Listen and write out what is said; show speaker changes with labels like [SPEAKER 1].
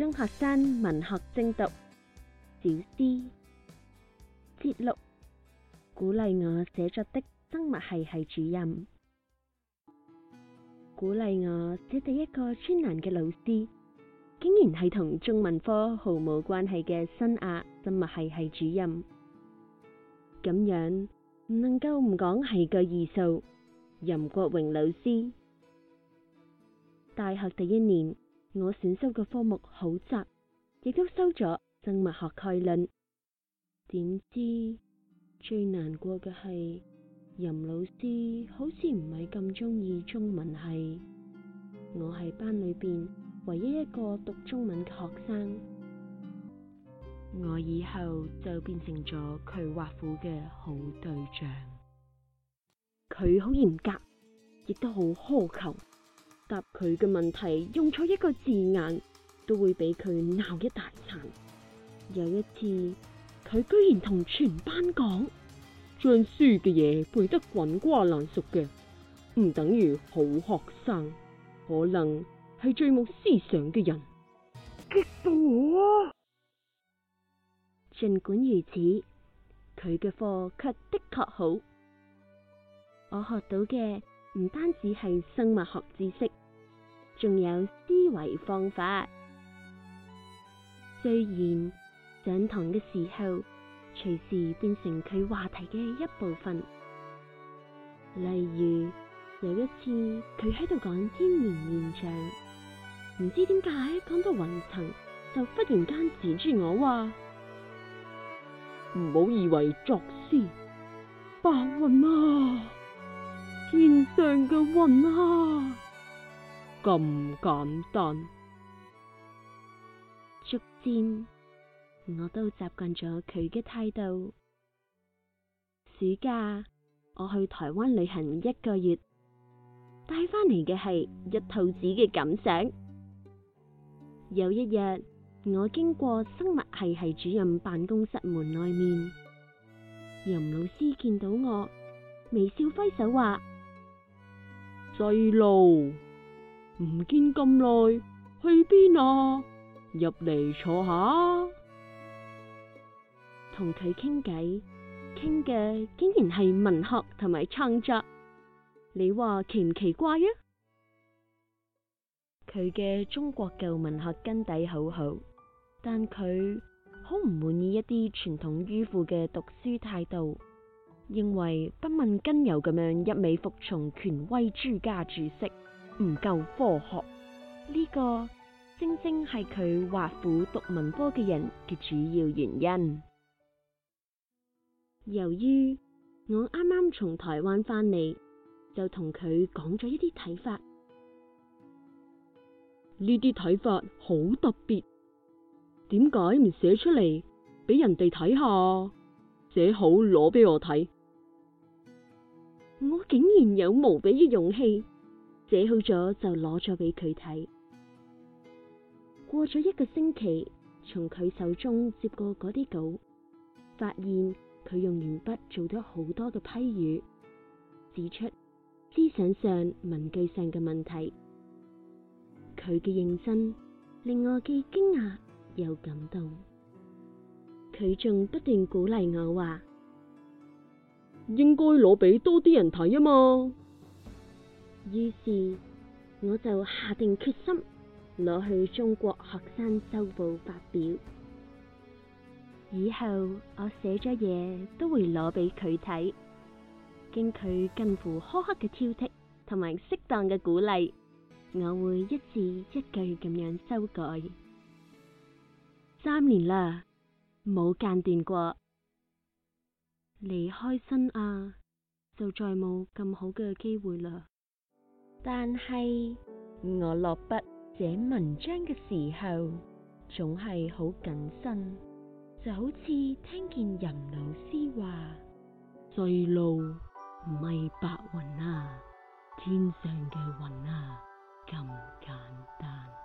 [SPEAKER 1] 中學生文學精讀小思，節錄，鼓勵我寫作的生物系系主任，鼓勵我寫第一個專欄嘅老師，竟然係同中文科毫無關係嘅新亞生物系系主任，咁樣唔能夠唔講係個異數任國榮老師，大學第一年。我選修嘅科目好雜，亦都修咗生物學概論。點知最難過嘅係，任老師好似唔係咁鍾意中文系。我係班裏邊唯一一個讀中文嘅學生，我以後就變成咗佢挖苦嘅好對象。佢好嚴格，亦都好苛求。答佢嘅問題，用錯一個字眼，都會俾佢鬧一大餐。有一次，佢居然同全班講，將書嘅嘢背得滾瓜爛熟嘅，唔等於好學生，可能係最冇思想嘅人。激到我啊！儘管如此，佢嘅課卻的確好。我學到嘅唔單止係生物學知識。仲有思維方法，雖然上堂嘅時候，隨時變成佢話題嘅一部分。例如有一次，佢喺度講天然現象，唔知點解講到雲層，就忽然間指住我話：唔好以為作詩，白雲啊，天上嘅雲啊，咁簡單，逐漸我都習慣咗佢嘅態度。暑假我去台灣旅行一個月，帶翻嚟嘅係一肚子嘅感想。有一日，我經過生物系系主任辦公室門外面，任老師見到我，微笑揮手話：細路。唔見咁耐，去邊啊？入嚟坐下，同佢傾偈，傾嘅竟然係文學同埋創作，你話奇唔奇怪啊？佢嘅中國舊文學根底好好，但佢好唔滿意一啲傳統迂腐嘅讀書態度，認為不問根由咁樣一味服從權威諸家注釋。唔夠科學呢個，正正係佢畫苦讀文科嘅人嘅主要原因。由於我啱啱從台灣翻嚟，就同佢講咗一啲睇法。呢啲睇法好特別，點解唔寫出嚟俾人哋睇下？寫好攞俾我睇。我竟然有無比嘅勇氣。寫好咗就攞咗俾佢睇。過咗一個星期，從佢手中接過嗰啲稿，發現佢用鉛筆做咗好多嘅批語，指出思想上、文句上嘅問題。佢嘅認真令我既驚訝又感動。佢仲不斷鼓勵我話：應該攞俾多啲人睇啊嘛！於是我就下定決心攞去中國學生周報發表。以後我寫咗嘢都會攞俾佢睇，經佢近乎苛刻嘅挑剔同埋適當嘅鼓勵，我會一字一句咁樣修改。三年啦，冇間斷過。離開新亞就再冇咁好嘅機會啦。但係我落筆寫文章嘅時候，總係好謹慎，就好似聽見任老師話：碎露唔係白雲啊，天上嘅雲啊咁簡單。